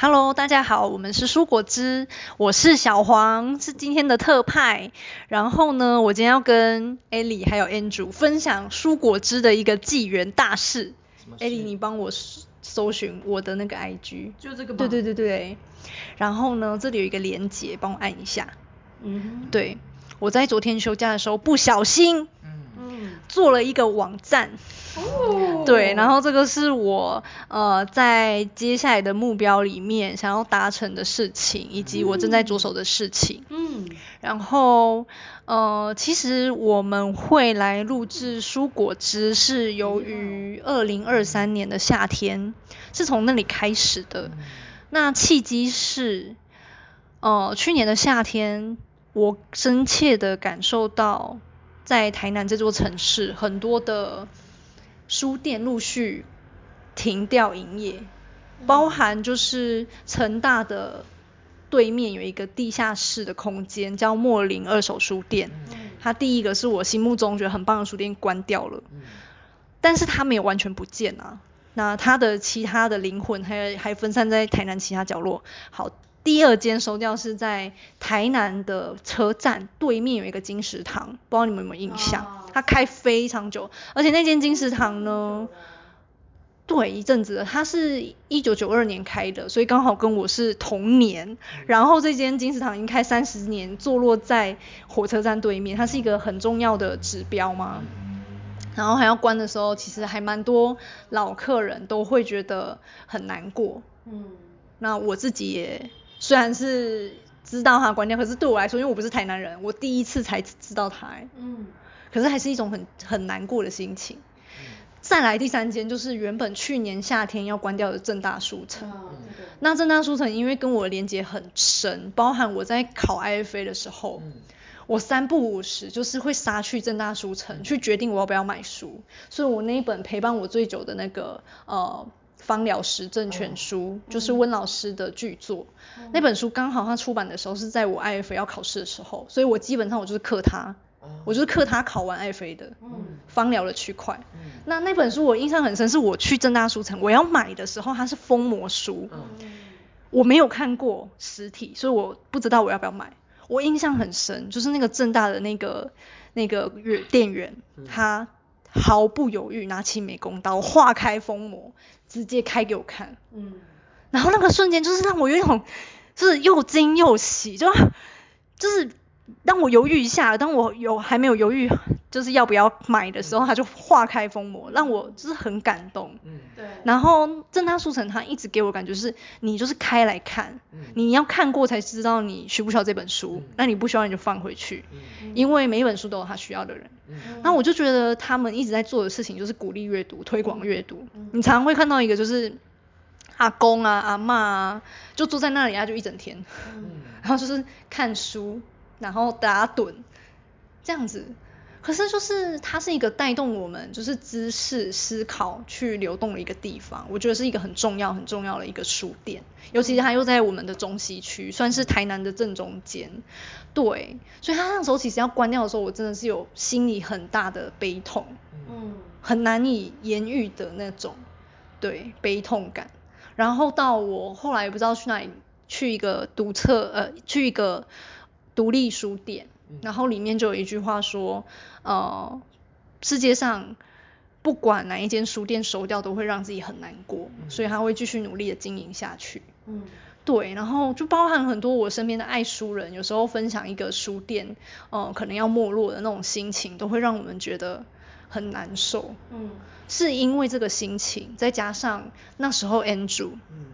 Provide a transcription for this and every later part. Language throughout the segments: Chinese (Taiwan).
Hello，大家好，我們是書果汁，我是小黃，是今天的特派。然後呢，我今天要跟 Ellie 還有 Andrew 分享書果汁的一個紀元大事。事 Ellie，你幫我搜尋我的那個 IG，就這個吧對對對對。然後呢，這裡有一個連結，幫我按一下。嗯哼。對，我在昨天休假的時候不小心，嗯，做了一個網站。哦、嗯。對，然後這個是我呃在接下來的目標裡面想要達成的事情，以及我正在着手的事情。嗯。嗯，然後呃，其實我們會來錄制書果汁是由於二零二三年的夏天，是從那裡開始的。嗯。那契機是呃去年的夏天，我深切地感受到在台南這座城市很多的。書店陸續停掉營業，嗯、包含就是成大的對面有一個地下室的空間，叫莫林二手書店。嗯、它第一個是我心目中覺得很棒的書店，關掉了。嗯、但是它沒有完全不見啊。那它的其他的靈魂還還分散在台南其他角落。好，第二間收掉是在台南的車站對面有一個金石堂，不知道你們有沒有印象？哦他開非常久，而且那間金石堂呢，嗯、對，一陣子的，他是一九九二年開的，所以剛好跟我是同年。然後這間金石堂已經開三十年，坐落在火車站對面，它是一個很重要的指標嘛。然後還要關的時候，其實還蠻多老客人都會覺得很難過。嗯，那我自己也雖然是知道他關掉，可是對我來說，因為我不是台南人，我第一次才知道他。欸。嗯。可是還是一種很很難過的心情。嗯、再來第三間就是原本去年夏天要關掉的政大書城。啊、那政大書城因為跟我的連接很深，包含我在考 IFA 的時候，嗯、我三不五時就是會殺去政大書城，嗯、去決定我要不要買書。所以我那一本陪伴我最久的那個呃《芳療實證全書》哦，就是溫老師的巨作，哦、那本書剛好他出版的時候是在我 IFA 要考試的時候，所以我基本上我就是克他。我就是刻他考完愛妃的芳療、嗯、的區塊。嗯、那那本書我印象很深，是我去政大書城我要買的時候，它是封膜書，嗯、我沒有看過實體，所以我不知道我要不要買。我印象很深，就是那個政大的那個那個店員，他毫不猶豫拿起美工刀劃開封膜，直接開給我看。嗯、然後那個瞬間就是讓我有一種，就是又驚又喜，就就是。當我猶豫一下，當我有還沒有猶豫，就是要不要買的時候，嗯、他就劃開封膜，讓我就是很感動。嗯，然後政大書城他一直給我感覺是，你就是開來看，嗯、你要看過才知道你需不需要這本書。嗯、那你不需要你就放回去，嗯、因為每一本書都有他需要的人。嗯。那我就覺得他們一直在做的事情就是鼓勵閱讀、嗯、推廣閱讀。嗯、你常常會看到一個就是阿公啊、阿嬤啊，就坐在那裡他就一整天。嗯、然後就是看書。然後打盹，這樣子。可是就是它是一個帶動我們就是知識思考，去流動的一個地方，我覺得是一個很重要很重要的一個書店。尤其是它又在我們的中西區，算是台南的正中間。對，所以它那時候其實要關掉的時候，我真的是有心裡很大的悲痛，嗯，很難以言喻的那種對悲痛感。然後到我後來不知道去哪裡去一個讀冊，呃去一個。獨立書店，然後裡面就有一句話說，呃，世界上不管哪一間書店收掉，都會讓自己很難過，所以他會繼續努力的經營下去。嗯，對，然後就包含很多我身邊的愛書人，有時候分享一個書店，嗯、呃，可能要沒落的那種心情，都會讓我們覺得。很難受，嗯，是因為這個心情，再加上那時候 Andrew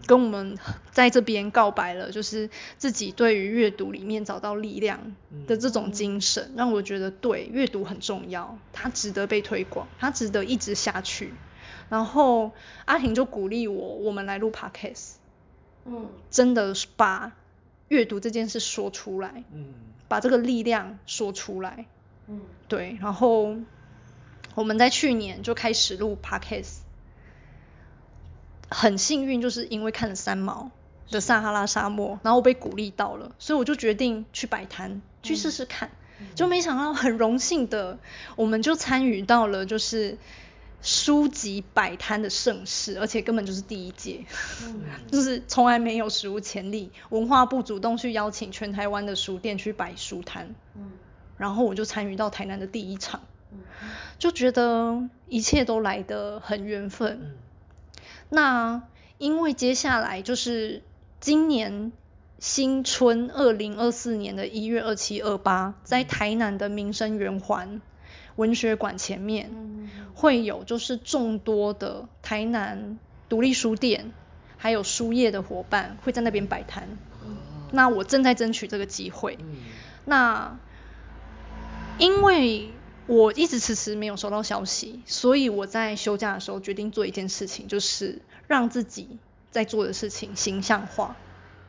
跟我們在這邊告白了，就是自己對於閱讀裡面找到力量的這種精神，嗯、讓我覺得對閱讀很重要，它值得被推廣，它值得一直下去。然後阿婷就鼓勵我，我們來錄 Podcast，嗯，真的把閱讀這件事說出來，嗯，把這個力量說出來，嗯，對，然後。我們在去年就開始錄 podcast，很幸運就是因為看了三毛的《撒哈拉沙漠》，然後被鼓勵到了，所以我就決定去擺攤，去試試看。嗯、就沒想到很榮幸的，我們就參與到了就是書籍擺攤的盛事，而且根本就是第一屆，嗯、 就是從來沒有史無前例，文化部主動去邀請全台灣的書店去擺書攤，嗯、然後我就參與到台南的第一場。就覺得一切都來得很緣分。那因為接下來就是今年新春二零二四年的一月二七二八，在台南的民生圓環文學館前面，會有就是眾多的台南獨立書店，還有書業的夥伴會在那邊擺攤。那我正在爭取這個機會。那因為。我一直遲遲沒有收到消息，所以我在休假的時候決定做一件事情，就是讓自己在做的事情形象化。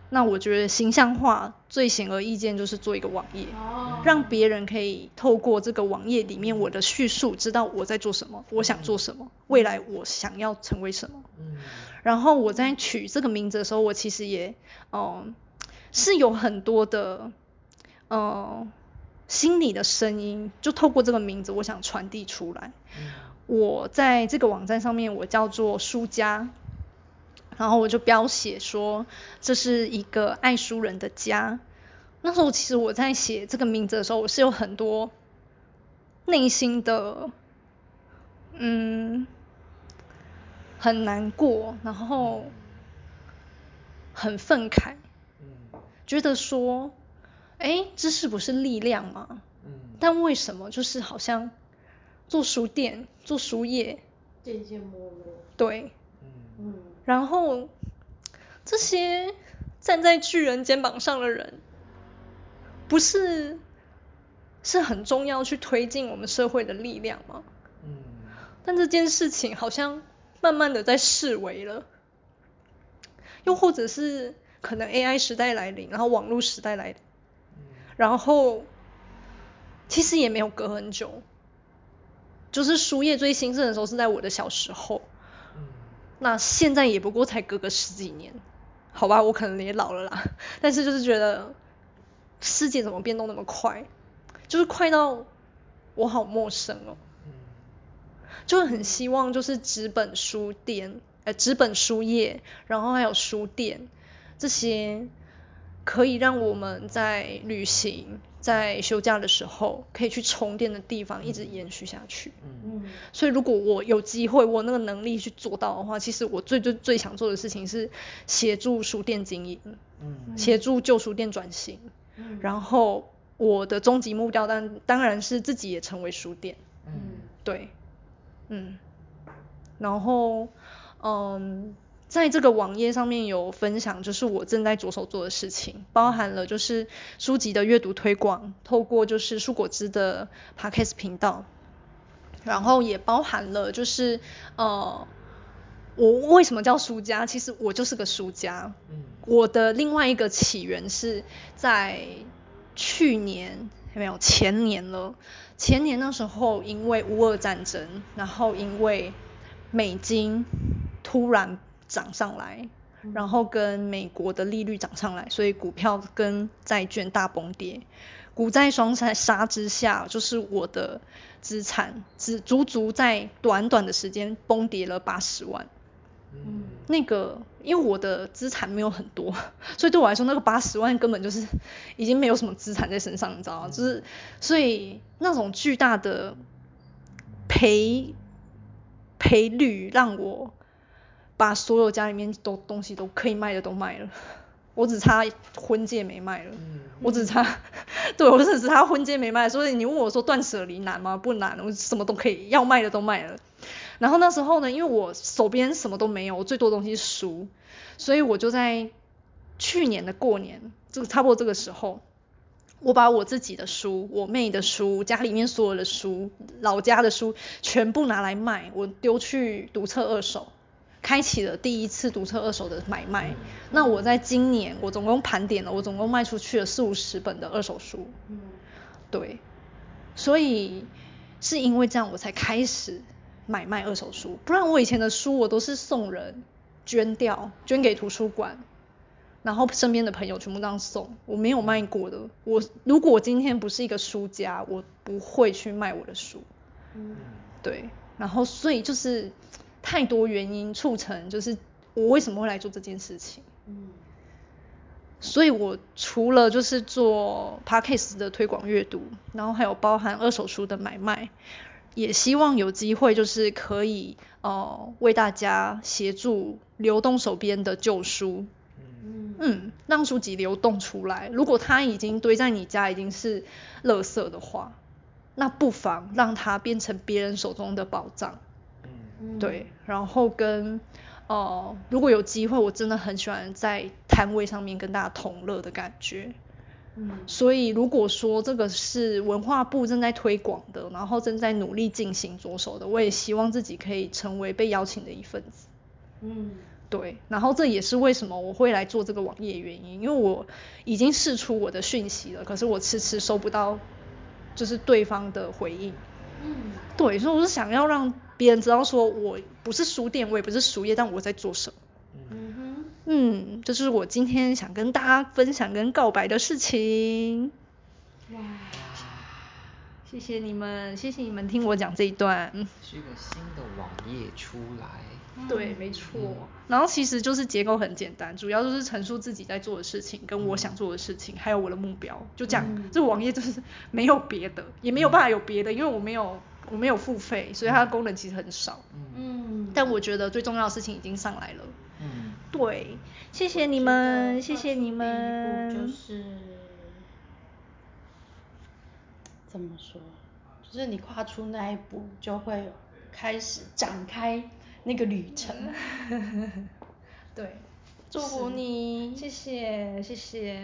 那我覺得形象化最顯而易見就是做一個網頁，哦、讓別人可以透過這個網頁裡面我的敘述，知道我在做什麼，嗯、我想做什麼，未來我想要成為什麼。嗯、然後我在取這個名字的時候，我其實也，嗯，是有很多的，嗯。心裡的聲音，就透過這個名字，我想傳遞出來。嗯、我在這個網站上面，我叫做書家，然後我就標寫說，這是一個愛書人的家。那時候，其實我在寫這個名字的時候，我是有很多內心的，嗯，很難過，然後很憤慨，嗯、覺得說。哎，知識不是力量嗎？嗯。但為什麼就是好像做書店、做書業，漸漸沒落，對。嗯。然後這些站在巨人肩膀上的人，不是是很重要去推進我們社會的力量嗎？嗯。但這件事情好像慢慢的在式微了。又或者是可能 AI 時代來臨，然後網絡時代來臨。然後其實也沒有隔很久，就是書業最興盛的時候是在我的小時候，那現在也不過才隔個十幾年。好吧，我可能也老了啦。但是就是覺得世界怎麼變動那麼快，就是快到我好陌生哦，就很希望就是紙本書店，呃紙本書業，然後還有書店這些。可以讓我們在旅行、在休假的時候，可以去充電的地方一直延續下去。嗯，嗯。所以如果我有機會，我那個能力去做到的話，其實我最最最想做的事情是協助書店經營，嗯、協助舊書店轉型。嗯、然後我的終極目標，但當然是自己也成為書店。嗯。對。嗯。然後，嗯。在這個網頁上面有分享，就是我正在着手做的事情，包含了，就是書籍的閱讀推廣，透過就是書果汁的 Podcast 頻道，然後也包含了就是呃，我為什麼叫書家？其實我就是個書家。嗯。我的另外一個起源是在去年，沒有，前年了，前年那時候因為烏俄戰爭，然後因為美金突然。漲上來，然後跟美國的利率漲上來，所以股票跟債券大崩跌，股債雙殺之下，就是我的資產只足足在短短的時間崩跌了八十萬。嗯，那個因為我的資產沒有很多，所以對我來說那個八十萬根本就是已經沒有什麼資產在身上，你知道嗎？就是所以那種巨大的賠賠率讓我。把所有家裡面都東西，都可以賣的都賣了，我只差婚戒沒賣了，嗯嗯、我只差，對我只是差婚戒沒賣了，所以你問我說斷捨離難嗎？不難，我什麼都可以，要賣的都賣了。然後那時候呢，因為我手邊什麼都沒有，我最多東西是書，所以我就在去年的過年，就差不多這個時候，我把我自己的書、我妹的書、家裡面所有的書、老家的書全部拿來賣，我丟去讀冊二手，開啟了第一次讀冊二手的買賣。那我在今年，我總共盤點了，我總共賣出去了四五十本的二手書。嗯。對。所以是因為這樣我才開始買賣二手書，不然我以前的書我都是送人、捐掉、捐給圖書館，然後身邊的朋友全部都這樣送，我沒有賣過的。我如果我今天不是一個書家，我不會去賣我的書。嗯。對。然後所以就是。太多原因促成，就是我為什麼會來做這件事情。嗯，所以我除了就是做 Podcast 的推廣閱讀，然後還有包含二手書的買賣，也希望有機會就是可以哦、呃、為大家協助流動手邊的舊書，嗯，讓書籍流動出來。如果它已經堆在你家已經是垃圾的話，那不妨讓它變成別人手中的寶藏。對，然後跟哦、呃，如果有機會，我真的很喜歡在攤位上面跟大家同樂的感覺。嗯，所以如果說這個是文化部正在推廣的，然後正在努力進行着手的，我也希望自己可以成為被邀請的一份子。嗯，對，然後這也是為什麼我會來做這個網頁原因，因為我已經釋出我的訊息了，可是我遲遲收不到就是對方的回應。嗯，對，所以我是想要讓。別人知道說我不是書店，我也不是書業，但我在做什麼？嗯哼，嗯，這是我今天想跟大家分享跟告白的事情。哇，謝謝你們，謝謝你們聽我講這一段。嗯，是一個新的網頁出來。嗯、對，沒錯。嗯、然後其實就是結構很簡單，主要就是陳述自己在做的事情，跟我想做的事情，嗯、還有我的目標，就這樣，嗯、這網頁就是沒有別的，也沒有辦法有別的，嗯、因為我沒有。我沒有付費，所以它的功能其實很少。嗯。但我覺得最重要的事情已經上來了。嗯。對，謝謝你們，謝謝你們。就是怎麼說？就是你跨出那一步，就會開始展開那個旅程。嗯、 對，祝福你，是謝謝，謝謝。